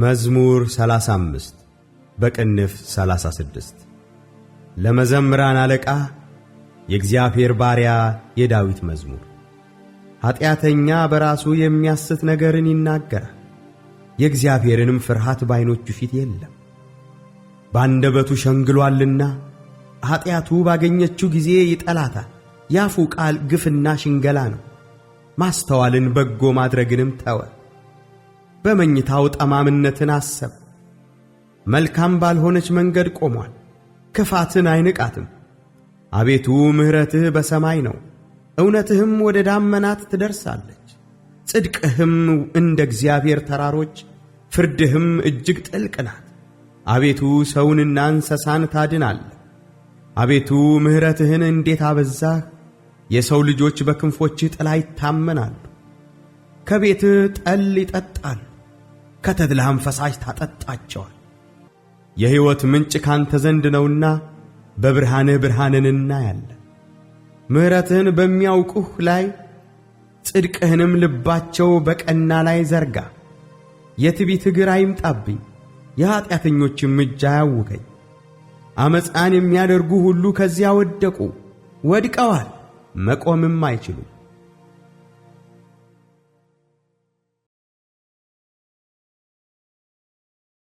መዝሙር 35 በቅንፍ 36 ለመዘምራን አለቃ የእግዚአብሔር ባሪያ የዳዊት መዝሙር። ኀጢአተኛ በራሱ የሚያስት ነገርን ይናገራል፣ የእግዚአብሔርንም ፍርሃት በዓይኖቹ ፊት የለም። ባንደበቱ ሸንግሏልና ኀጢአቱ ባገኘችው ጊዜ ይጠላታል። ያፉ ቃል ግፍና ሽንገላ ነው፣ ማስተዋልን በጎ ማድረግንም ተወል። በመኝታው ጠማምነትን አሰብ። መልካም ባልሆነች መንገድ ቆሟል፣ ክፋትን አይንቃትም። አቤቱ ምሕረትህ በሰማይ ነው፣ እውነትህም ወደ ዳመናት ትደርሳለች። ጽድቅህም እንደ እግዚአብሔር ተራሮች፣ ፍርድህም እጅግ ጥልቅ ናት። አቤቱ ሰውንና እንስሳን ታድናለ። አቤቱ ምሕረትህን እንዴት አበዛህ! የሰው ልጆች በክንፎችህ ጥላ ይታመናሉ፣ ከቤትህ ጠል ይጠጣሉ። ከተድላህም ፈሳሽ ታጠጣቸዋል። የሕይወት ምንጭ ካንተ ዘንድ ነውና በብርሃንህ ብርሃንን እናያለን። ምሕረትህን በሚያውቁህ ላይ ጽድቅህንም ልባቸው በቀና ላይ ዘርጋ። የትቢት እግር አይምጣብኝ፣ የኀጢአተኞችም እጅ አያውከኝ። ዓመፃን የሚያደርጉ ሁሉ ከዚያ ወደቁ፣ ወድቀዋል፣ መቆምም አይችሉም።